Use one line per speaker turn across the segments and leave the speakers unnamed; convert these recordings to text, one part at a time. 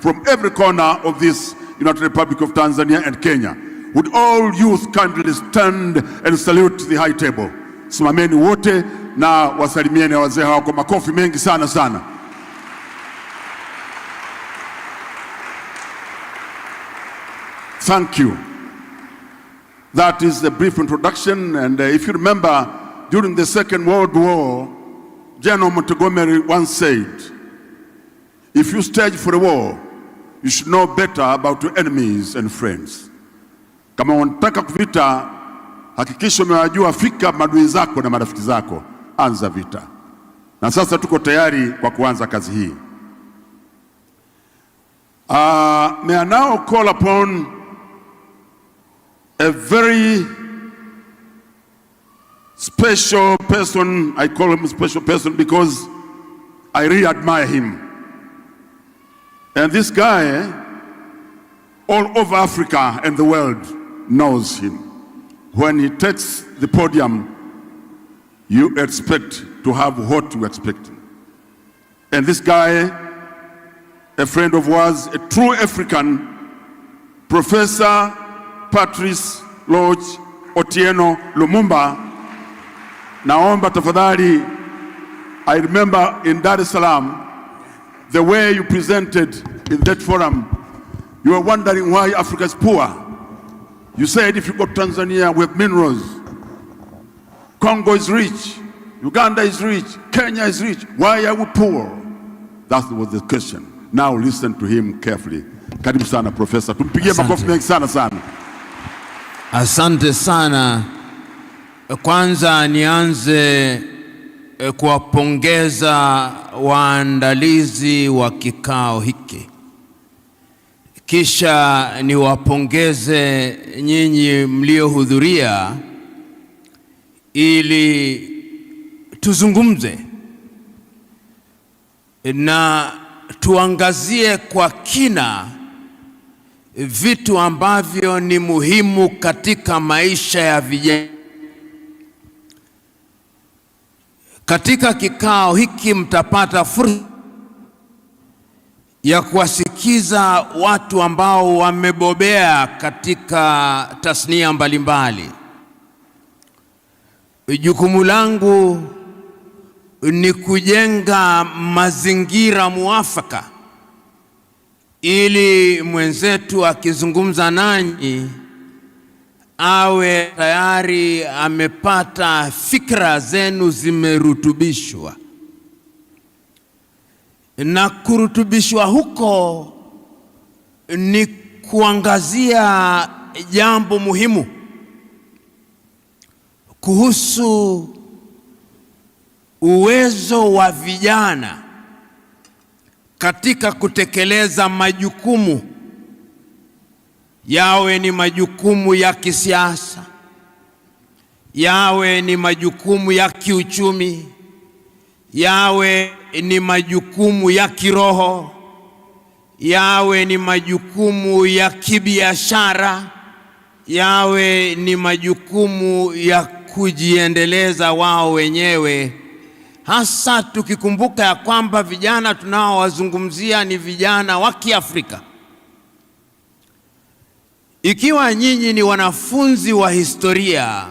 from every corner of this United Republic of Tanzania and Kenya. Would all youth kindly stand and salute the high table. Simameni wote na wasalimieni wazee hawa kwa makofi mengi sana sana. Thank you. That is a brief introduction and uh, if you remember during the Second World War General Montgomery once said if you stage for a war you should know better about your enemies and friends. Kama unataka kuvita hakikisha umewajua fika maadui zako na marafiki zako, anza vita. Na sasa tuko tayari kwa kuanza kazi hii. Uh, may I now call upon a very special person. I call him a special person because I really admire him. And this guy, eh, all over Africa and the world knows him. When he takes the podium, you expect to have what you expect. And this guy, a friend of ours, a true African, Professor Patrice Lodge Otieno Lumumba. Naomba tafadhali, I remember in Dar es Salaam, the way you presented in that forum, you were wondering why Africa is poor. You said if you go to Tanzania, we have minerals. Congo is rich. Uganda is rich. Kenya is rich. Why are we poor? That was the question. Now listen to him carefully. Karibu sana Professor. tumpigie makofi mengi sana sana.
Asante sana. Kwanza nianze eh, kuwapongeza waandalizi wa kikao hiki. Kisha niwapongeze nyinyi mliohudhuria ili tuzungumze na tuangazie kwa kina vitu ambavyo ni muhimu katika maisha ya vijana. Katika kikao hiki mtapata fursa ya kuwasikiza watu ambao wamebobea katika tasnia mbalimbali. Jukumu langu ni kujenga mazingira muafaka ili mwenzetu akizungumza nanyi awe tayari amepata fikra zenu zimerutubishwa na kurutubishwa huko ni kuangazia jambo muhimu kuhusu uwezo wa vijana katika kutekeleza majukumu yawe ni majukumu ya kisiasa, yawe ni majukumu ya kiuchumi yawe ni majukumu ya kiroho, yawe ni majukumu ya kibiashara, yawe ni majukumu ya kujiendeleza wao wenyewe, hasa tukikumbuka ya kwamba vijana tunaowazungumzia ni vijana wa Kiafrika. Ikiwa nyinyi ni wanafunzi wa historia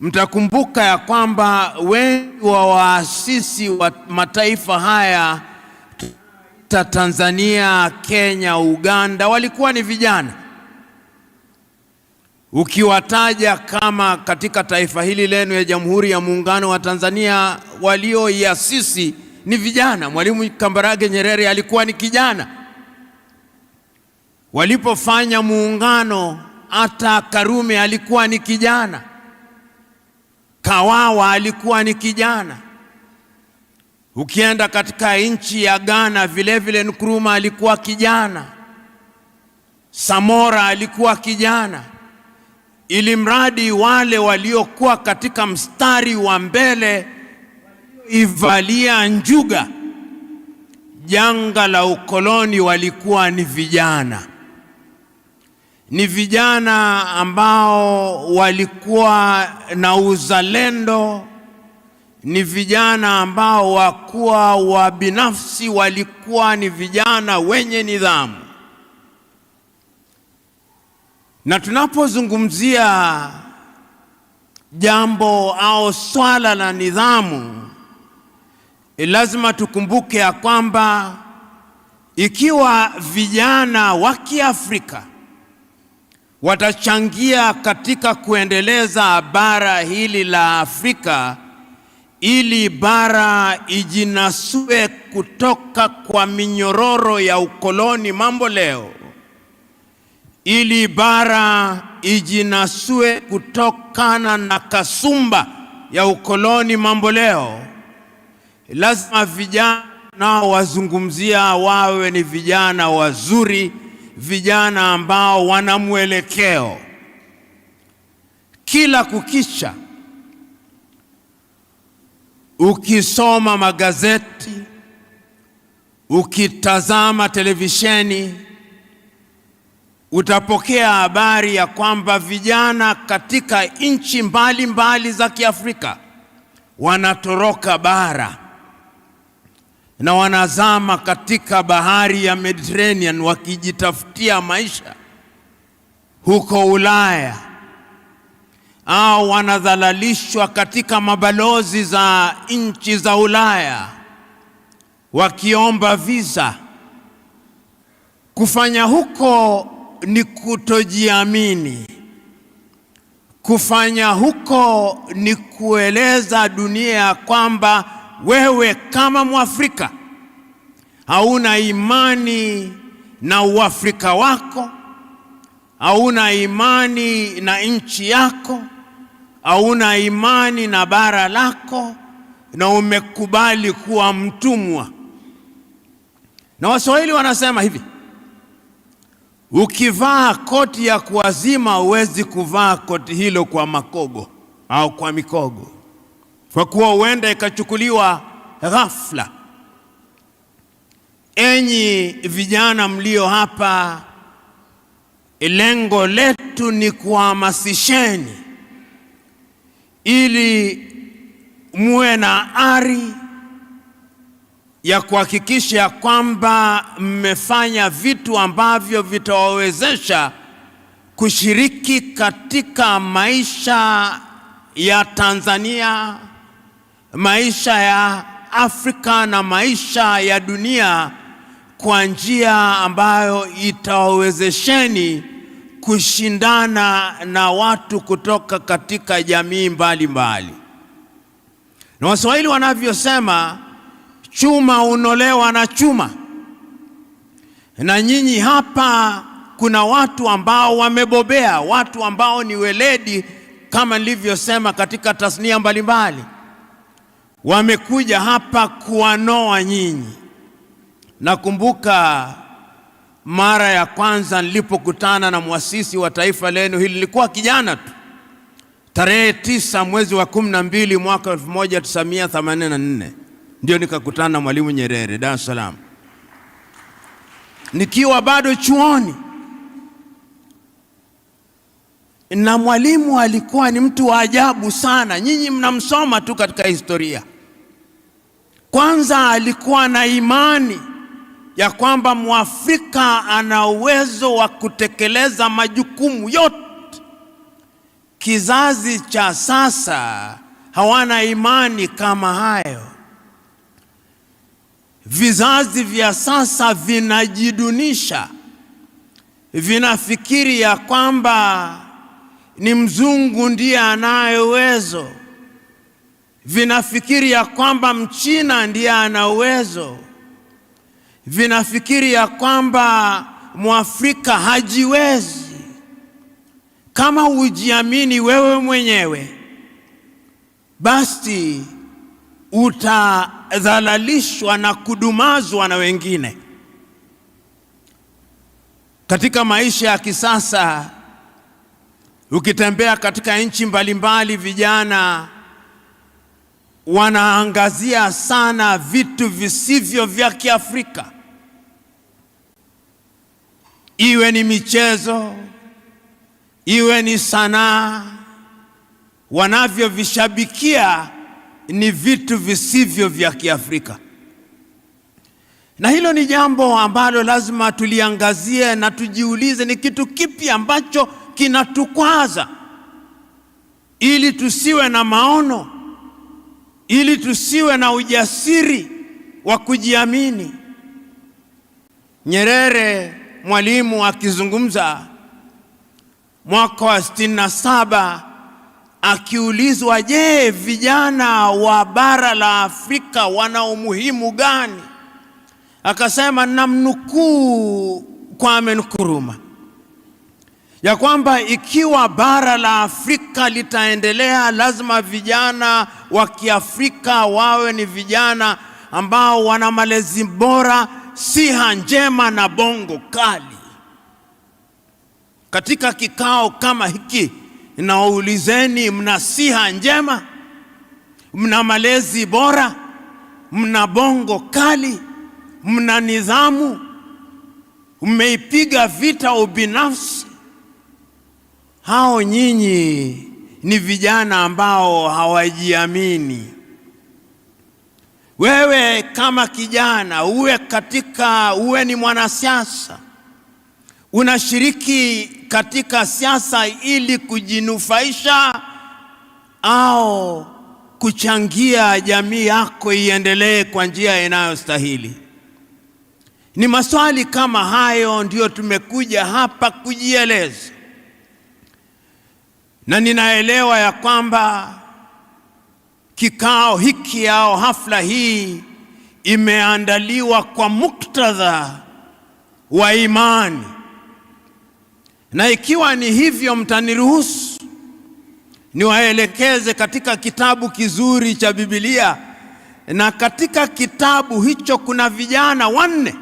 Mtakumbuka ya kwamba wengi wa waasisi wa mataifa haya ta Tanzania, Kenya, Uganda walikuwa ni vijana. Ukiwataja kama katika taifa hili lenu ya Jamhuri ya Muungano wa Tanzania walioiasisi ni vijana. Mwalimu Kambarage Nyerere alikuwa ni kijana walipofanya muungano, hata Karume alikuwa ni kijana. Kawawa alikuwa ni kijana. Ukienda katika nchi ya Ghana vilevile, Nkrumah alikuwa kijana, Samora alikuwa kijana, ili mradi wale waliokuwa katika mstari wa mbele ivalia njuga janga la ukoloni walikuwa ni vijana ni vijana ambao walikuwa na uzalendo, ni vijana ambao wakuwa wa binafsi, walikuwa ni vijana wenye nidhamu. Na tunapozungumzia jambo au swala la nidhamu, eh, lazima tukumbuke ya kwamba ikiwa vijana wa Kiafrika watachangia katika kuendeleza bara hili la Afrika ili bara ijinasue kutoka kwa minyororo ya ukoloni mambo leo, ili bara ijinasue kutokana na kasumba ya ukoloni mambo leo, lazima vijana nao wazungumzia wawe ni vijana wazuri vijana ambao wana mwelekeo. Kila kukicha, ukisoma magazeti, ukitazama televisheni, utapokea habari ya kwamba vijana katika nchi mbalimbali za Kiafrika wanatoroka bara na wanazama katika bahari ya Mediterranean wakijitafutia maisha huko Ulaya, au wanadhalalishwa katika mabalozi za nchi za Ulaya wakiomba visa. Kufanya huko ni kutojiamini. Kufanya huko ni kueleza dunia ya kwamba wewe kama Mwafrika hauna imani na Uafrika wako, hauna imani na nchi yako, hauna imani na bara lako, na umekubali kuwa mtumwa. Na Waswahili wanasema hivi, ukivaa koti ya kuazima huwezi kuvaa koti hilo kwa makogo au kwa mikogo kwa kuwa huenda ikachukuliwa ghafla. Enyi vijana mlio hapa, lengo letu ni kuhamasisheni ili muwe na ari ya kuhakikisha kwamba mmefanya vitu ambavyo vitawawezesha kushiriki katika maisha ya Tanzania maisha ya Afrika na maisha ya dunia kwa njia ambayo itawawezesheni kushindana na watu kutoka katika jamii mbalimbali mbali. Na Waswahili wanavyosema chuma unolewa na chuma, na nyinyi hapa kuna watu ambao wamebobea, watu ambao ni weledi kama nilivyosema katika tasnia mbalimbali mbali wamekuja hapa kuwanoa nyinyi. Nakumbuka mara ya kwanza nilipokutana na mwasisi wa taifa lenu hili, nilikuwa kijana tu, tarehe tisa mwezi wa kumi na mbili mwaka 1984 ndio nikakutana na Mwalimu Nyerere Dar es Salaam nikiwa bado chuoni, na mwalimu alikuwa ni mtu wa ajabu sana. Nyinyi mnamsoma tu katika historia, kwanza alikuwa na imani ya kwamba Mwafrika ana uwezo wa kutekeleza majukumu yote. Kizazi cha sasa hawana imani kama hayo. Vizazi vya sasa vinajidunisha, vinafikiri ya kwamba ni mzungu ndiye anaye uwezo vinafikiri ya kwamba Mchina ndiye ana uwezo, vinafikiri ya kwamba Mwafrika hajiwezi. Kama hujiamini wewe mwenyewe, basi utadhalalishwa na kudumazwa na wengine. Katika maisha ya kisasa, ukitembea katika nchi mbalimbali, vijana wanaangazia sana vitu visivyo vya Kiafrika, iwe ni michezo, iwe ni sanaa. Wanavyovishabikia ni vitu visivyo vya Kiafrika, na hilo ni jambo ambalo lazima tuliangazie na tujiulize, ni kitu kipi ambacho kinatukwaza, ili tusiwe na maono ili tusiwe na ujasiri wa kujiamini. Nyerere Mwalimu akizungumza mwaka wa 67 akiulizwa, je, vijana wa bara la Afrika wana umuhimu gani? Akasema, namnukuu Kwame Nkrumah ya kwamba ikiwa bara la Afrika litaendelea, lazima vijana wa Kiafrika wawe ni vijana ambao wana malezi bora, siha njema na bongo kali. Katika kikao kama hiki, nawaulizeni, mna siha njema? Mna malezi bora? Mna bongo kali? Mna nidhamu? Mmeipiga vita ubinafsi hao nyinyi ni vijana ambao hawajiamini. Wewe kama kijana uwe katika uwe ni mwanasiasa, unashiriki katika siasa ili kujinufaisha au kuchangia jamii yako iendelee kwa njia inayostahili. Ni maswali kama hayo ndiyo tumekuja hapa kujieleza na ninaelewa ya kwamba kikao hiki au hafla hii imeandaliwa kwa muktadha wa imani, na ikiwa ni hivyo, mtaniruhusu niwaelekeze katika kitabu kizuri cha Biblia, na katika kitabu hicho kuna vijana wanne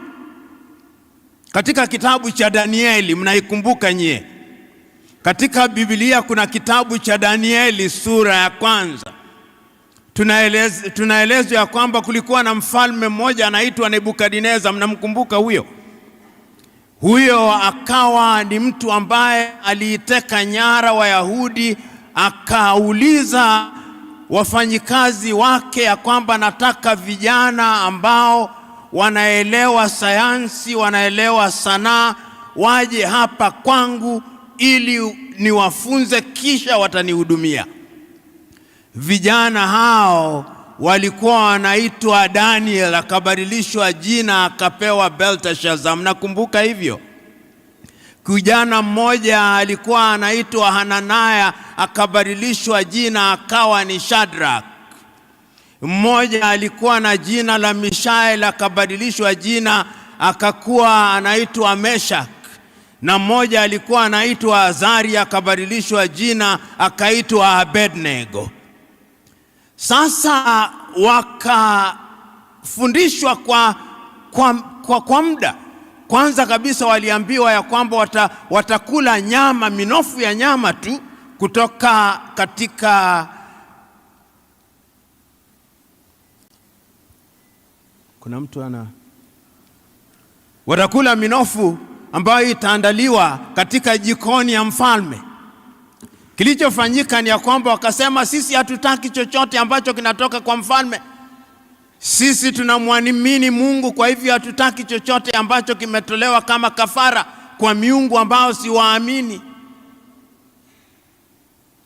katika kitabu cha Danieli, mnaikumbuka nyie katika Biblia kuna kitabu cha Danieli sura ya kwanza, tunaelezwa tunaelezo ya kwamba kulikuwa na mfalme mmoja anaitwa Nebukadineza. Mnamkumbuka huyo? Huyo akawa ni mtu ambaye aliiteka nyara Wayahudi, akauliza wafanyikazi wake ya kwamba nataka vijana ambao wanaelewa sayansi, wanaelewa sanaa waje hapa kwangu ili niwafunze kisha watanihudumia. Vijana hao walikuwa wanaitwa Daniel, akabadilishwa jina akapewa Belteshazzar. Mnakumbuka hivyo? Kijana mmoja alikuwa anaitwa Hananaya, akabadilishwa jina akawa ni Shadrach. Mmoja alikuwa na jina la Mishael, akabadilishwa jina akakuwa anaitwa Meshach na mmoja alikuwa anaitwa Azari akabadilishwa jina akaitwa Abednego. Sasa wakafundishwa kwa, kwa, kwa, kwa muda. Kwanza kabisa waliambiwa ya kwamba wata, watakula nyama minofu ya nyama tu kutoka katika kuna mtu ana watakula minofu ambayo itaandaliwa katika jikoni ya mfalme. Kilichofanyika ni ya kwamba wakasema, sisi hatutaki chochote ambacho kinatoka kwa mfalme, sisi tunamwamini Mungu, kwa hivyo hatutaki chochote ambacho kimetolewa kama kafara kwa miungu ambao siwaamini.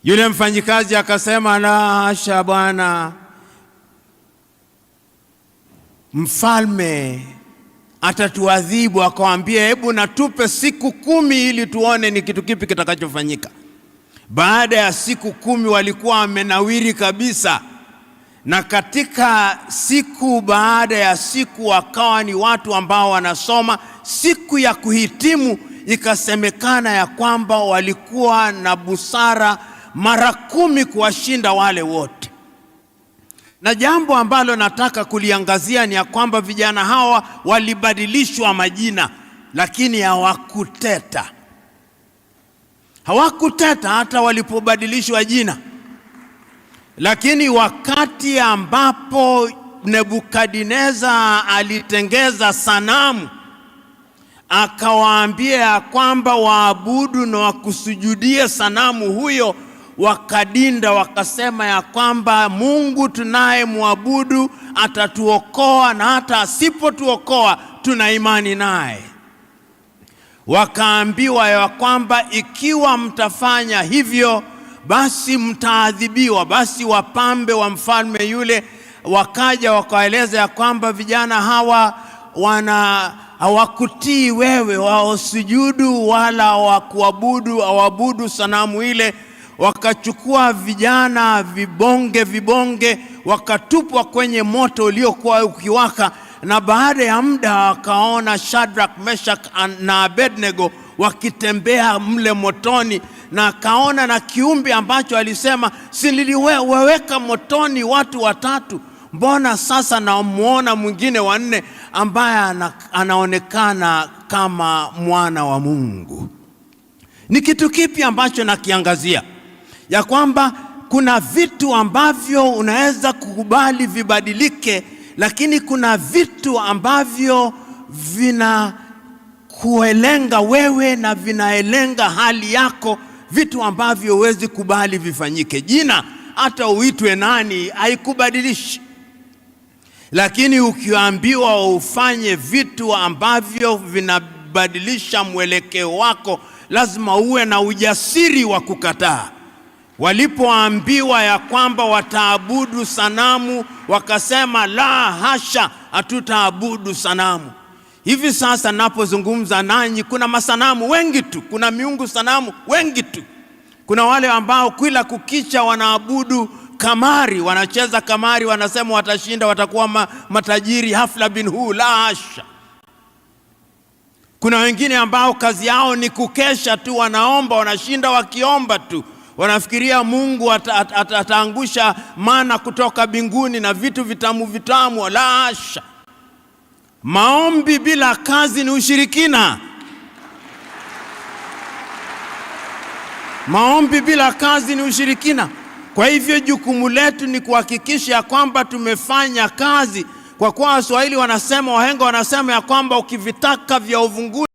Yule mfanyikazi akasema, la hasha, bwana mfalme atatuadhibu, akawaambia hebu natupe siku kumi ili tuone ni kitu kipi kitakachofanyika. Baada ya siku kumi walikuwa wamenawiri kabisa, na katika siku baada ya siku wakawa ni watu ambao wanasoma. Siku ya kuhitimu ikasemekana ya kwamba walikuwa na busara mara kumi kuwashinda wale wote. Na jambo ambalo nataka kuliangazia ni ya kwamba vijana hawa walibadilishwa majina, lakini hawakuteta. Hawakuteta hata walipobadilishwa jina, lakini wakati ambapo Nebukadneza alitengeza sanamu akawaambia ya kwamba waabudu na wakusujudie sanamu huyo wakadinda, wakasema ya kwamba Mungu tunayemwabudu atatuokoa na hata asipotuokoa tuna imani naye. Wakaambiwa ya kwamba ikiwa mtafanya hivyo basi mtaadhibiwa. Basi wapambe wa mfalme yule wakaja wakaeleza ya kwamba vijana hawa wana hawakutii wewe, waosujudu wala wakuabudu, awabudu sanamu ile wakachukua vijana vibonge vibonge, wakatupwa kwenye moto uliokuwa ukiwaka, na baada ya muda wakaona Shadrach, Meshach na Abednego wakitembea mle motoni, na akaona na kiumbe ambacho alisema si motoni watu watatu, mbona sasa namwona mwingine wanne ambaye ana, anaonekana kama mwana wa Mungu. Ni kitu kipi ambacho nakiangazia? ya kwamba kuna vitu ambavyo unaweza kukubali vibadilike, lakini kuna vitu ambavyo vinakuelenga wewe na vinaelenga hali yako, vitu ambavyo huwezi kubali vifanyike. Jina hata uitwe nani haikubadilishi, lakini ukiambiwa ufanye vitu ambavyo vinabadilisha mwelekeo wako, lazima uwe na ujasiri wa kukataa. Walipoambiwa ya kwamba wataabudu sanamu, wakasema la hasha, hatutaabudu sanamu. Hivi sasa napozungumza nanyi, kuna masanamu wengi tu, kuna miungu sanamu wengi tu. Kuna wale ambao kila kukicha wanaabudu kamari, wanacheza kamari, wanasema watashinda, watakuwa ma, matajiri, hafla bin hu. La hasha. Kuna wengine ambao kazi yao ni kukesha tu, wanaomba, wanashinda wakiomba tu Wanafikiria Mungu ata, at, at, ataangusha mana kutoka binguni na vitu vitamu vitamu. La hasha! Maombi bila kazi ni ushirikina. Maombi bila kazi ni ushirikina. Kwa hivyo jukumu letu ni kuhakikisha ya kwamba tumefanya kazi, kwa kuwa Waswahili wanasema, wahenga wanasema ya kwamba ukivitaka vya uvunguni